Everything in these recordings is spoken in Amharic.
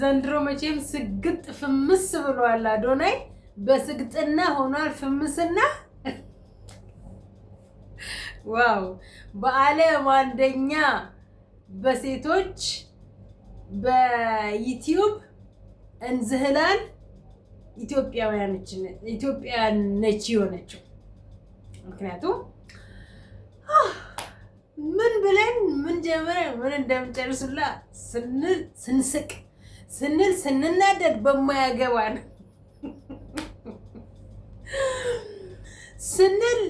ዘንድሮ መቼም ስግጥ ፍምስ ብሏል አዶናይ። በስግጥና ሆኗል ፍምስና። ዋው! በዓለም አንደኛ በሴቶች በዩቲዩብ እንዝህላል ኢትዮጵያውያን ነች የሆነችው ምክንያቱም ምን ብለን ምን ጀምረን ምን እንደምጨርሱላ ስንል ስንስቅ ስንል ስንናደድ በማያገባን ስንል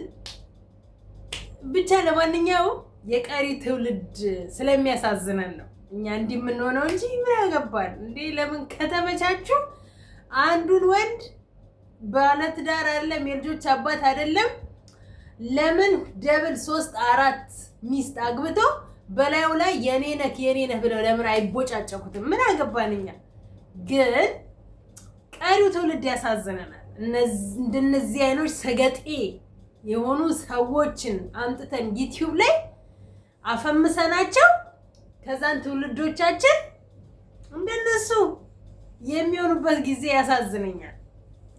ብቻ ለማንኛውም የቀሪ ትውልድ ስለሚያሳዝነን ነው እኛ እንዲህ የምንሆነው እንጂ ምን ያገባል እንዴ? ለምን ከተመቻችሁ አንዱን ወንድ ባለትዳር አይደለም የልጆች አባት አይደለም ለምን ደብል ሶስት አራት ሚስት አግብተው በላዩ ላይ የኔ ነህ የኔ ነህ ብለው ለምን አይቦጫጨኩትም? ምን አገባንኛ። ግን ቀሪው ትውልድ ያሳዝነናል። እንደነዚህ አይኖች ሰገጤ የሆኑ ሰዎችን አምጥተን ዩቲዩብ ላይ አፈምሰናቸው ከዛን ትውልዶቻችን እንደነሱ የሚሆኑበት ጊዜ ያሳዝነኛል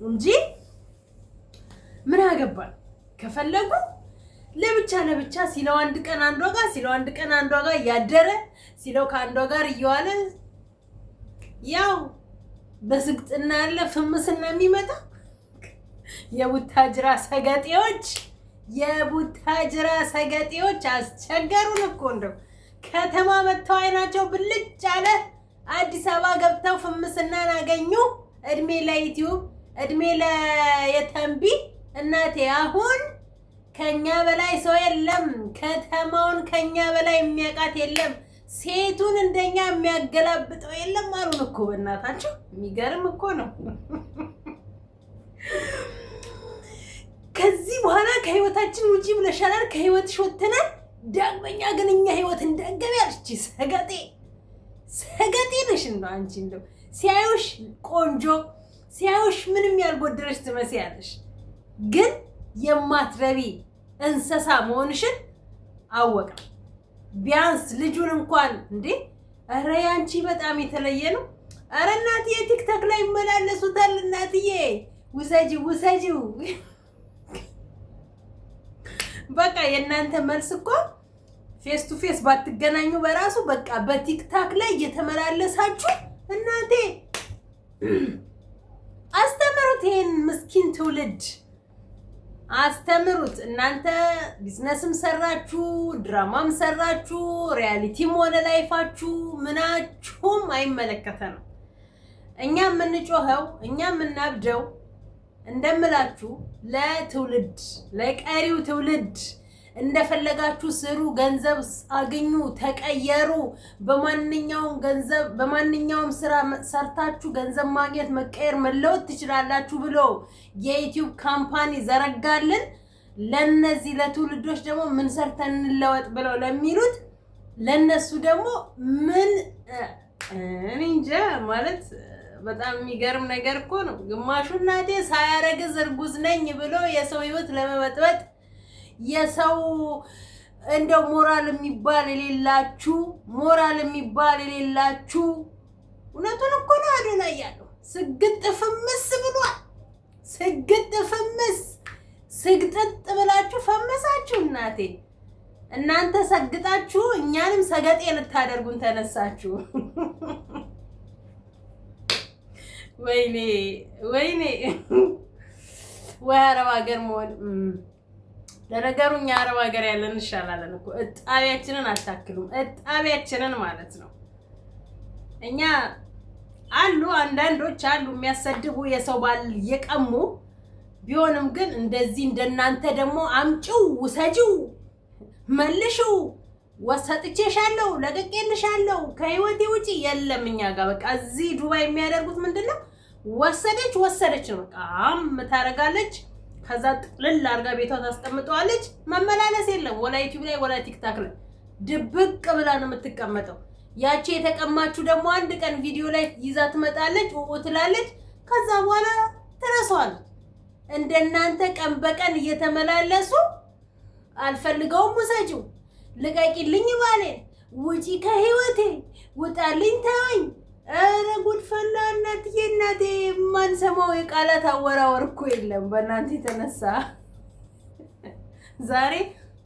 እንጂ ምን አገባን ከፈለጉ ለብቻ ለብቻ ሲለው አንድ ቀን አንዷ ጋር ሲለው አንድ ቀን አንዷ ጋር እያደረ ሲለው ከአንዷ ጋር እየዋለ ያው በስግጥና ያለ ፍምስና የሚመጣ የቡታጅራ ሰገጤዎች የቡታጅራ ሰገጤዎች አስቸገሩን እኮ እንደው ከተማ መጥተው አይናቸው ብልጭ አለ። አዲስ አበባ ገብተው ፍምስናን አገኙ። እድሜ ለዩቲዩብ፣ እድሜ ለየተንቢ እናቴ አሁን ከኛ በላይ ሰው የለም። ከተማውን ከኛ በላይ የሚያውቃት የለም። ሴቱን እንደኛ የሚያገላብጠው የለም አሉን እኮ በእናታቸው። የሚገርም እኮ ነው። ከዚህ በኋላ ከህይወታችን ውጪ ብለሻላል። ከህይወት ሾትናል። ዳግመኛ ግን እኛ ህይወት እንዳገቢ ያልች ሰገጤ ሰገጤ ነሽ። እንደው አንቺ እንደው ሲያዩሽ ቆንጆ ሲያዩሽ ምንም ያልጎደረሽ ትመስያለሽ ግን የማትረቢ እንስሳ መሆንሽን አወቀ። ቢያንስ ልጁን እንኳን እንዴ፣ እረ ያንቺ በጣም የተለየ ነው። እረ እናትዬ ቲክቶክ ላይ ይመላለሱታል። እናትዬ ውሰጂ ውሰጂ። በቃ የእናንተ መልስ እኮ ፌስ ቱ ፌስ ባትገናኙ በራሱ በቃ በቲክታክ ላይ እየተመላለሳችሁ እናቴ አስተምሩት ይሄን ምስኪን ትውልድ። አስተምሩት። እናንተ ቢዝነስም ሰራችሁ፣ ድራማም ሰራችሁ፣ ሪያሊቲም ሆነ ላይፋችሁ ምናችሁም አይመለከተንም። እኛ የምንጮኸው እኛ የምናብደው እንደምላችሁ ለትውልድ ለቀሪው ትውልድ እንደፈለጋችሁ ስሩ፣ ገንዘብ አግኙ፣ ተቀየሩ። በማንኛውም ገንዘብ በማንኛውም ስራ ሰርታችሁ ገንዘብ ማግኘት፣ መቀየር፣ መለወጥ ትችላላችሁ ብሎ የዩቲዩብ ካምፓኒ ዘረጋልን። ለነዚህ ለትውልዶች ደግሞ ምን ሰርተን እንለወጥ ብለው ለሚሉት ለነሱ ደግሞ ምን እኔ እንጃ ማለት በጣም የሚገርም ነገር እኮ ነው። ግማሹ እናቴ ሳያረግዝ እርጉዝ ነኝ ብሎ የሰው ህይወት ለመበጥበጥ የሰው እንደው ሞራል የሚባል የሌላችሁ ሞራል የሚባል የሌላችሁ እውነቱን እኮ ነው። አዶና እያለሁ ስግጥ ፍምስ ብሏል። ስግጥ ፍምስ ስግጥጥ ብላችሁ ፈመሳችሁ እናቴ። እናንተ ሰግጣችሁ እኛንም ሰገጤ ልታደርጉን ተነሳችሁ። ወይኔ ወይኔ፣ ወይ አረብ ሀገር መሆን ለነገሩ እኛ አረብ ሀገር ያለን እንሻላለን እኮ እጣቢያችንን አታክሉም። እጣቢያችንን ማለት ነው። እኛ አሉ አንዳንዶች አሉ የሚያሰድቡ የሰው ባል እየቀሙ ቢሆንም ግን እንደዚህ እንደናንተ ደግሞ አምጪው፣ ውሰጂው፣ መልሽው፣ ወሰጥቼሻለሁ፣ ለቅቄልሻለሁ፣ ከህይወቴ ውጪ የለም እኛ ጋር በቃ። እዚህ ዱባይ የሚያደርጉት ምንድን ነው? ወሰደች ወሰደች ነው በቃ ምታደርጋለች ከዛ ጥልል አርጋ ቤቷ ታስቀምጠዋለች። መመላለስ የለም ወላ ዩቲዩብ ላይ ወላ ቲክታክ ላይ ድብቅ ብላ ነው የምትቀመጠው። ያቺ የተቀማችሁ ደግሞ አንድ ቀን ቪዲዮ ላይ ይዛ ትመጣለች፣ ውቁ ትላለች፣ ከዛ በኋላ ትረሷል። እንደናንተ ቀን በቀን እየተመላለሱ አልፈልገውም፣ ውሰጂው፣ ልቀቂልኝ፣ ባሌ ውጪ፣ ከህይወቴ ውጣልኝ፣ ተወኝ ኧረ ጉድፈላ እናትዬ እናቴ የማንሰማው የቃላት አወራወር እኮ የለም በእናንተ የተነሳ ዛሬ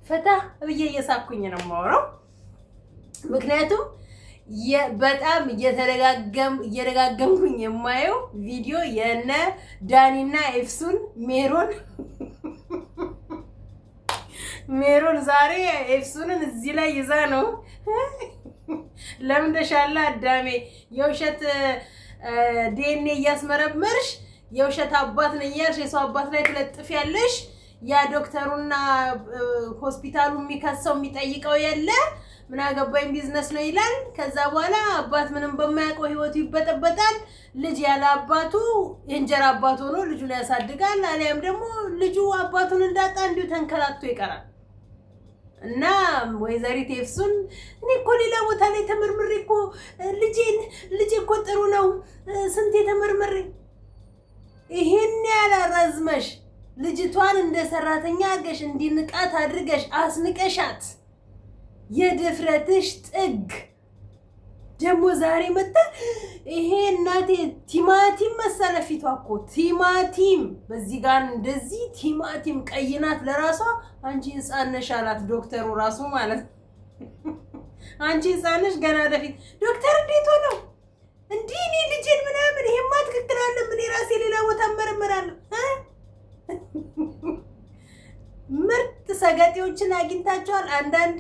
ፈታ ብዬ እየሳኩኝ ነው የማወራው። ምክንያቱም በጣም እየደጋገምኩኝ የማየው ቪዲዮ የነ ዳኒና ኤፍሱን ሜሮን ሜሮን ዛሬ ኤፍሱንን እዚህ ላይ ይዛ ነው ለምደሻላ አዳሜ የውሸት ዲኤንኤ እያስመረመርሽ የውሸት አባት ነኝ እያልሽ የሰው አባት ላይ ያለሽ ያ ዶክተሩና ሆስፒታሉ የሚከሰው የሚጠይቀው የለ ምን አገባኝ ቢዝነስ ነው ይላል። ከዛ በኋላ አባት ምንም በማያውቀው ህይወቱ ይበጠበጣል። ልጅ ያለ አባቱ የእንጀራ አባት ሆኖ ልጁን ያሳድጋል። አሊያም ደግሞ ልጁ አባቱን እንዳጣ እንዲሁ ተንከራቶ ይቀራል። እና ወይዘሪት ኤፍሱን እኔ እኮ ሌላ ቦታ ላይ ተመርምሬ እኮ ልጄን ልጄ እኮ ጥሩ ነው ስንቴ ተመርምሬ ይሄን ያላራዝመሽ ልጅቷን እንደ ሰራተኛ አድርገሽ እንዲንቃት አድርገሽ አስንቀሻት የድፍረትሽ ጥግ ደግሞ ዛሬ መጣ። ይሄ እናቴ ቲማቲም መሰለ ፊቷ እኮ ቲማቲም፣ በዚህ ጋር እንደዚህ ቲማቲም ቀይናት። ለራሷ። አንቺ ሕፃን ነሽ አላት ዶክተሩ ራሱ ማለት አንቺ ሕፃን ነሽ ገና ወደፊት። ዶክተር እንዴት ሆነው እንዲህ እኔ ልጄን ምናምን ይሄማ ትክክል አለ። ምን ራሴ ሌላ ቦታ እመረምራለሁ። ምርጥ ሰገጤዎችን አግኝታቸዋል አንዳንድ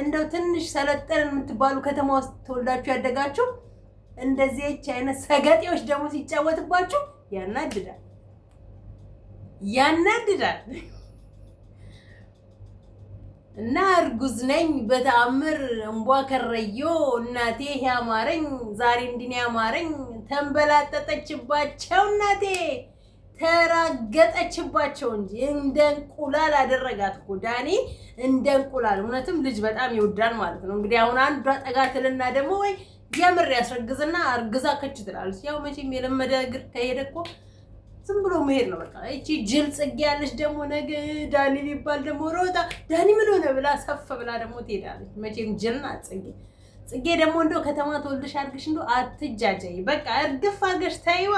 እንደው ትንሽ ሰለጠን የምትባሉ ከተማ ውስጥ ተወልዳችሁ ያደጋችሁ እንደዚህች አይነት ሰገጤዎች ደግሞ ሲጫወትባችሁ ያናድዳል፣ ያናድዳል። እና እርጉዝ ነኝ በተአምር እንቧ ከረዮ እናቴ ያማረኝ ዛሬ እንዲህ ያማረኝ ተንበላጠጠችባቸው እናቴ ተራገጠችባቸው እንጂ እንደ እንቁላል አደረጋት እኮ ዳኒ፣ እንደ እንቁላል። እውነትም ልጅ በጣም ይወዳል ማለት ነው። እንግዲህ አሁን አንዷ ጠጋ ትልና ደግሞ ወይ የምር ያስረግዝና አርግዛ ከች ትላለች። ያው መቼም የለመደ እግር ከሄደ እኮ ዝም ብሎ መሄድ ነው በቃ። እቺ ጅል ጽጌ ያለች ደግሞ ነገ ዳኒ ቢባል ደግሞ ሮጣ ዳኒ ምን ሆነ ብላ ሰፍ ብላ ደግሞ ትሄዳለች። መቼም ጅልና ጽጌ ጽጌ ደግሞ እንደው ከተማ ተወልደሽ አድርግሽ እንደው አትጃጃይ፣ በቃ እርግፍ አድርገሽ ታይዋ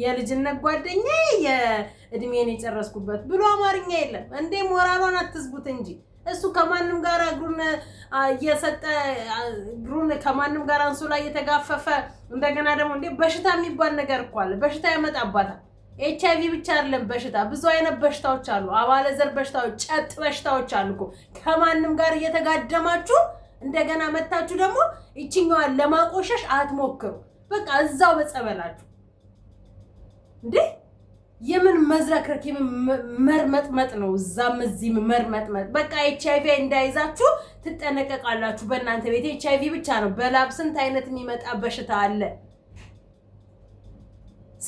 የልጅነት ጓደኛ የእድሜን የጨረስኩበት ብሎ አማርኛ የለም እንዴ! ሞራሏን አትዝጉት እንጂ እሱ ከማንም ጋር እግሩን እየሰጠ እግሩን ከማንም ጋር አንሶላ እየተጋፈፈ እንደገና ደግሞ እንዴ በሽታ የሚባል ነገር እኮ አለ። በሽታ ያመጣባታል። ኤች አይቪ ብቻ አይደለም በሽታ፣ ብዙ አይነት በሽታዎች አሉ። አባለዘር በሽታዎች፣ ጨጥ በሽታዎች አሉ እኮ ከማንም ጋር እየተጋደማችሁ እንደገና መታችሁ ደግሞ ይችኛዋን ለማቆሸሽ አትሞክሩ። በቃ እዛው በጸበላችሁ እንዴ የምን መዝረክረክ የምን መርመጥመጥ ነው? እዛም እዚህም መርመጥመጥ። በቃ ኤች አይቪ እንዳይዛችሁ ትጠነቀቃላችሁ። በእናንተ ቤት ኤች አይቪ ብቻ ነው። በላብ ስንት አይነት የሚመጣ በሽታ አለ።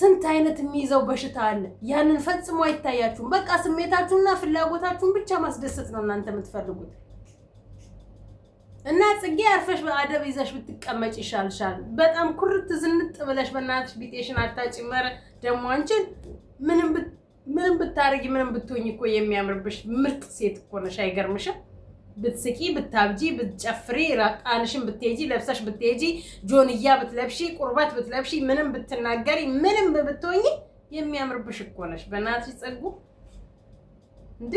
ስንት አይነት የሚይዘው በሽታ አለ። ያንን ፈጽሞ አይታያችሁም። በቃ ስሜታችሁና ፍላጎታችሁን ብቻ ማስደሰት ነው እናንተ የምትፈልጉት። እና ጽጌ አርፈሽ በአደብ ይዘሽ ብትቀመጭ ይሻልሻል። በጣም ኩርት ዝንጥ ብለሽ በእናትሽ ቢጤሽን አታጭመር። ደግሞ አንቺን ምንም ብታረጊ ምንም ብትሆኝ እኮ የሚያምርብሽ ምርጥ ሴት እኮ ነሽ። አይገርምሽም? ብትስቂ፣ ብታብጂ፣ ብትጨፍሪ፣ ራቃንሽን ብትሄጂ፣ ለብሰሽ ብትሄጂ፣ ጆንያ ብትለብሺ፣ ቁርበት ብትለብሺ፣ ምንም ብትናገሪ፣ ምንም ብትሆኝ የሚያምርብሽ እኮ ነሽ። በእናትሽ ጽጉ እንዴ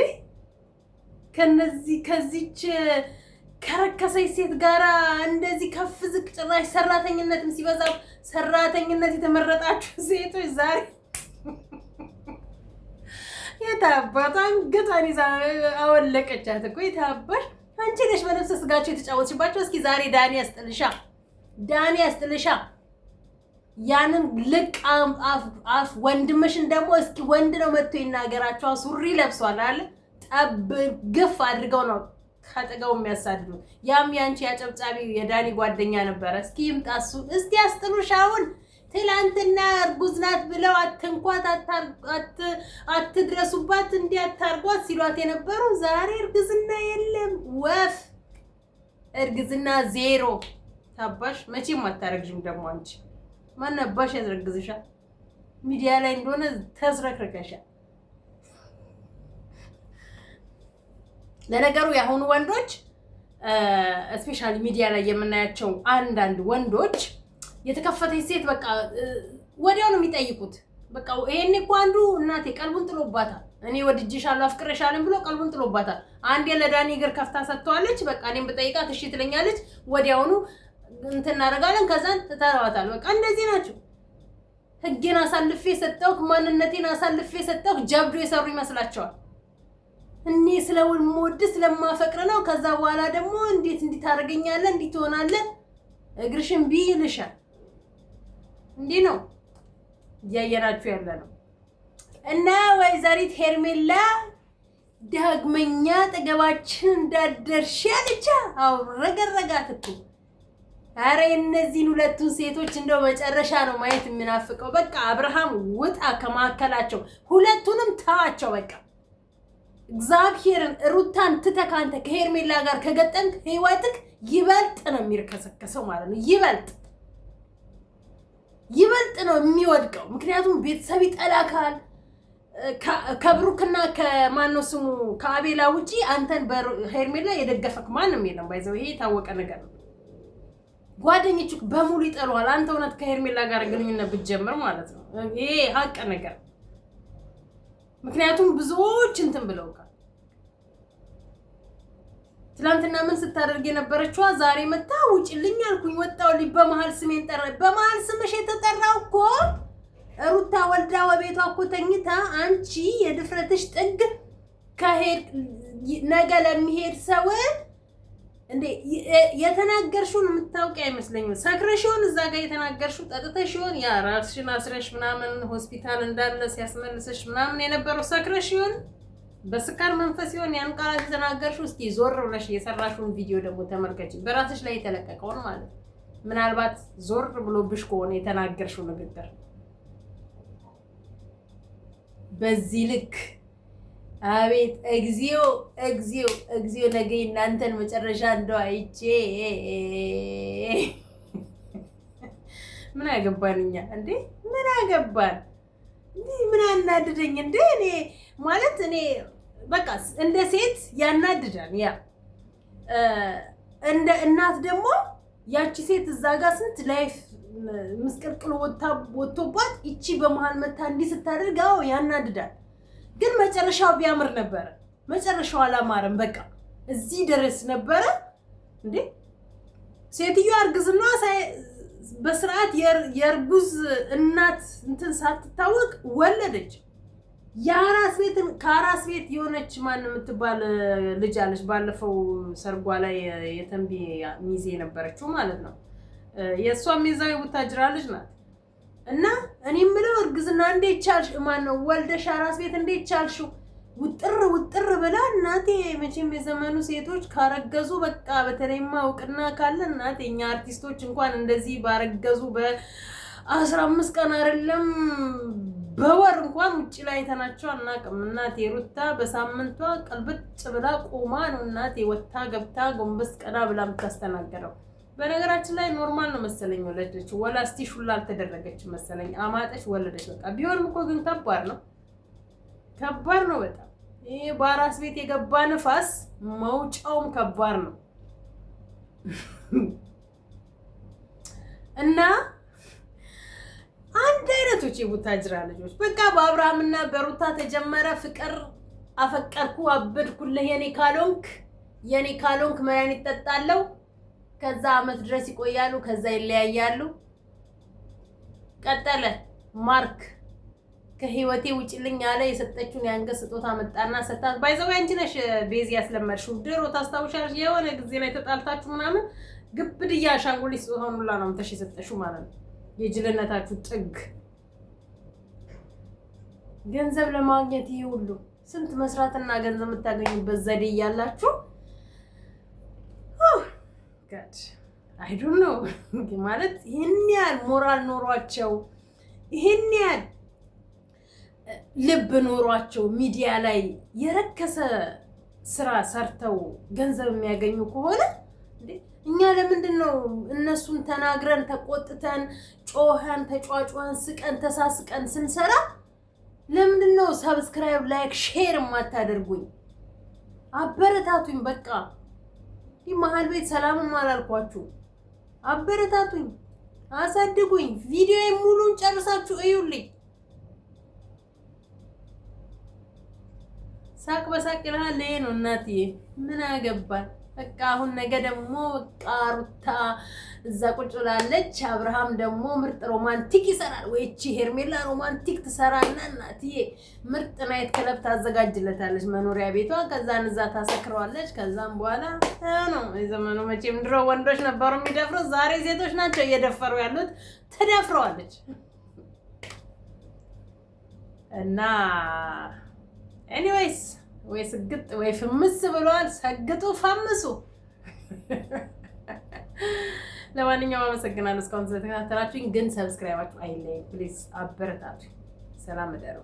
ከነዚህ ከዚች ከረከሰች ሴት ጋር እንደዚህ ከፍ ዝቅ ጭራሽ ሰራተኝነትም ሲበዛ ሰራተኝነት የተመረጣችሁ ሴቶች ዛሬ የታባት አንገቷን ይዛ አወለቀቻት እኮ። የታባሽ አንቺ ነሽ በነፍሰ ስጋቸው የተጫወትሽባቸው። እስኪ ዛሬ ዳኒ ያስጥልሻ፣ ዳኒ ያስጥልሻ። ያንን ልቅ አፍ ወንድምሽን ደግሞ እስኪ ወንድ ነው መጥቶ ይናገራቸዋ። ሱሪ ለብሷል አለ ጠብ ግፍ አድርገው ነው ከጥገው የሚያሳድዱ ያም ያንቺ ያጨብጫቢ የዳኒ ጓደኛ ነበረ። እስኪ ይምጣ እሱ እስቲ ያስጥሉሽ። አሁን ትላንትና እርጉዝ ናት ብለው አትንኳት፣ አትድረሱባት፣ እንዲህ አታርጓት ሲሏት የነበሩ ዛሬ እርግዝና የለም ወፍ እርግዝና ዜሮ። ታባሽ መቼም አታረግዥም። ደግሞ አንቺ ማናባሽ ያስረግዝሻል። ሚዲያ ላይ እንደሆነ ተዝረክርከሻል። ለነገሩ የአሁኑ ወንዶች ስፔሻል ሚዲያ ላይ የምናያቸው አንዳንድ ወንዶች የተከፈተች ሴት በቃ ወዲያው ነው የሚጠይቁት። በቃ ይሄኔ እኮ አንዱ እናቴ ቀልቡን ጥሎባታል፣ እኔ ወድጄሻለሁ አፍቅረሻለን ብሎ ቀልቡን ጥሎባታል። አንዴ ለዳኒ እግር ከፍታ ሰጥተዋለች። በቃ እኔም ብጠይቃት እሺ ትለኛለች። ወዲያውኑ እንትን እናደርጋለን፣ ከዛን ትተረዋታል። በቃ እንደዚህ ናቸው። ህጌን አሳልፌ ሰጠሁ፣ ማንነቴን አሳልፌ ሰጠሁ፣ ጀብዶ የሰሩ ይመስላቸዋል። እኔ ስለምወድ ስለማፈቅር ነው። ከዛ በኋላ ደግሞ እንዴት እንዲህ እንዲትሆናለ እግርሽን ቢ ይልሻል። እንዲህ ነው እያየናችሁ ያለ ነው። እና ወይዘሪት ሄርሜላ ዳግመኛ ጠገባችን እንዳደርሽ ያልቻ አውረገረጋት እኮ። አረ የእነዚህን ሁለቱን ሴቶች እንደው መጨረሻ ነው ማየት የምናፍቀው። በቃ አብርሃም ውጣ ከመካከላቸው፣ ሁለቱንም ተዋቸው በቃ። እግዚአብሔርን ሩታን ትተካ አንተ ከሄርሜላ ጋር ከገጠምክ ህይወትክ ይበልጥ ነው የሚርከሰከሰው ማለት ነው። ይበልጥ ይበልጥ ነው የሚወድቀው። ምክንያቱም ቤተሰብ ይጠላካል። ከብሩክና ከማነው ስሙ ከአቤላ ውጪ አንተን በሄርሜላ የደገፈክ ማንም የለም። ባይዘው ይሄ የታወቀ ነገር ነው። ጓደኞቹ በሙሉ ይጠሏል። አንተ እውነት ከሄርሜላ ጋር ግንኙነት ብትጀምር ማለት ነው። ይሄ ሀቅ ነገር ምክንያቱም ብዙዎች እንትን ብለውቃል። ትላንትና ምን ስታደርግ የነበረችዋ ዛሬ መታ ውጭልኝ አልኩኝ ወጣሁልኝ። በመሀል ስሜን ጠራ። በመሀል ስምሽ የተጠራው እኮ ሩታ ወልዳ ወቤቷ እኮ ተኝታ፣ አንቺ የድፍረትሽ ጥግ ከሄድ ነገ ለሚሄድ ሰው እንዴ የተናገርሽውን የምታውቂ አይመስለኝም። ሰክረሽውን እዛ ጋር የተናገርሽው ጠጥተሽውን ያ ራስሽን አስረሽ ምናምን ሆስፒታል እንዳለ ሲያስመልስሽ ምናምን የነበረው ሰክረሽውን በስካር መንፈስ ሲሆን ያን ቃላት የተናገርሽው። እስኪ ዞር ብለሽ የሰራሽውን ቪዲዮ ደግሞ ተመልከች፣ በራስሽ ላይ የተለቀቀውን ማለት ምናልባት ዞር ብሎብሽ ከሆነ የተናገርሽው ንግግር በዚህ ልክ አቤት እግዚኦ እግዚኦ እግዚኦ ነገ እናንተን መጨረሻ እንደው አይቼ ምን አገባን እኛ እንዴ? ምን አገባን ምን አናድደኝ እንዴ? እኔ ማለት እኔ በቃ እንደ ሴት ያናድዳል። ያ እንደ እናት ደግሞ ያቺ ሴት እዛ ጋር ስንት ላይፍ ምስቅልቅል ወጥቶባት ይቺ በመሀል መታ እንዲህ ስታደርግ ያናድዳል። ግን መጨረሻው ቢያምር ነበረ። መጨረሻው አላማረም። በቃ እዚህ ድረስ ነበረ እንዴ! ሴትዮዋ እርግዝና በስርዓት የእርጉዝ እናት እንትን ሳትታወቅ ወለደች። የአራስ ቤትን ከአራስ ቤት የሆነች ማን የምትባል ልጅ አለች። ባለፈው ሰርጓ ላይ የተንቢ ሚዜ የነበረችው ማለት ነው። የእሷ ሚዛዊ ቡታጅራ ልጅ ናት። እና እኔ የምለው እርግዝና እንዴ ቻልሽ? ነው ወልደሽ አራስ ቤት እንዴት ቻልሽው? ውጥር ውጥር ብላ እናቴ። መቼም የዘመኑ ሴቶች ካረገዙ በቃ በተለይማ እውቅና ካለ እናቴ፣ እኛ አርቲስቶች እንኳን እንደዚህ ባረገዙ በአስራ አምስት ቀን አይደለም በወር እንኳን ውጭ ላይ ተናቸው አናውቅም። እናቴ ሩታ በሳምንቷ ቀልብጭ ብላ ቆማ ነው እናቴ ወታ ገብታ ጎንበስ ቀና ብላ የምታስተናገረው። በነገራችን ላይ ኖርማል ነው መሰለኝ ወለደች። ወላ እስቲ ሹላ አልተደረገች መሰለኝ አማጠች፣ ወለደች። በቃ ቢሆንም እኮ ግን ከባድ ነው፣ ከባድ ነው በጣም ይሄ በአራስ ቤት የገባ ንፋስ መውጫውም ከባድ ነው እና አንድ አይነቶች የቡታጅራ ልጆች በቃ በአብርሃምና በሩታ ተጀመረ ፍቅር። አፈቀርኩ አበድኩልህ የኔ ካልሆንክ የኔ ካልሆንክ መድኃኒት ጠጣለው ከዛ አመት ድረስ ይቆያሉ፣ ከዛ ይለያያሉ። ቀጠለ ማርክ ከህይወቴ ውጭልኝ አለ። የሰጠችውን የአንገት ስጦታ መጣና ሰጣት። ባይዘው አንቺ ነሽ ቤዚ ያስለመድሽው። ድሮ ታስታውሻለሽ? የሆነ ጊዜ ላይ ተጣልታችሁ ምናምን ግብድያ አሻንጉሊት ስጦታውን ሙላ ነው ተሽ የሰጠሽው ማለት ነው። የጅልነታችሁ ጥግ። ገንዘብ ለማግኘት ይህ ሁሉ ስንት መስራትና ገንዘብ የምታገኙበት ዘዴ እያላችሁ አይዱ ነው ማለት ይህን ያህል ሞራል ኖሯቸው ይህን ያህል ልብ ኖሯቸው ሚዲያ ላይ የረከሰ ስራ ሰርተው ገንዘብ የሚያገኙ ከሆነ እኛ ለምንድን ነው እነሱን ተናግረን ተቆጥተን ጮኸን ተጫጩኸን ስቀን ተሳስቀን ስንሰራ ለምንድን ነው ሰብስክራይብ ላይክ ሼር የማታደርጉኝ? አበረታቱኝ በቃ። ይህ መሀል ቤት ሰላምም አላልኳችሁ። አበረታቱኝ፣ አሳድጉኝ። ቪዲዮ ሙሉን ጨርሳችሁ እዩልኝ። ሳቅ በሳቅ ይልሃል። ይሄ ነው እናትዬ። ምን አገባል? በቃ አሁን ነገ ደግሞ በቃ ሩታ እዛ ቁጭ ብላለች። አብርሃም ደግሞ ምርጥ ሮማንቲክ ይሰራል። ወይቺ ሄርሜላ ሮማንቲክ ትሰራና እናትዬ ምርጥ ናይት ክለብ ታዘጋጅለታለች መኖሪያ ቤቷ። ከዛን እዛ ታሰክረዋለች። ከዛም በኋላ ነው የዘመኑ መቼም ድሮ ወንዶች ነበሩ የሚደፍሩ፣ ዛሬ ሴቶች ናቸው እየደፈሩ ያሉት። ተደፍረዋለች እና ኤኒዌይስ ወይ ስግጥ ወይ ፍምስ ብለዋል። ሰግጡ ፈምሱ ለማንኛውም አመሰግናለሁ እስካሁን ስለተከታተላችሁኝ። ግን ሰብስክራይባችሁ አይለይ ፕሊዝ፣ አበረታቱ። ሰላም እደሩ።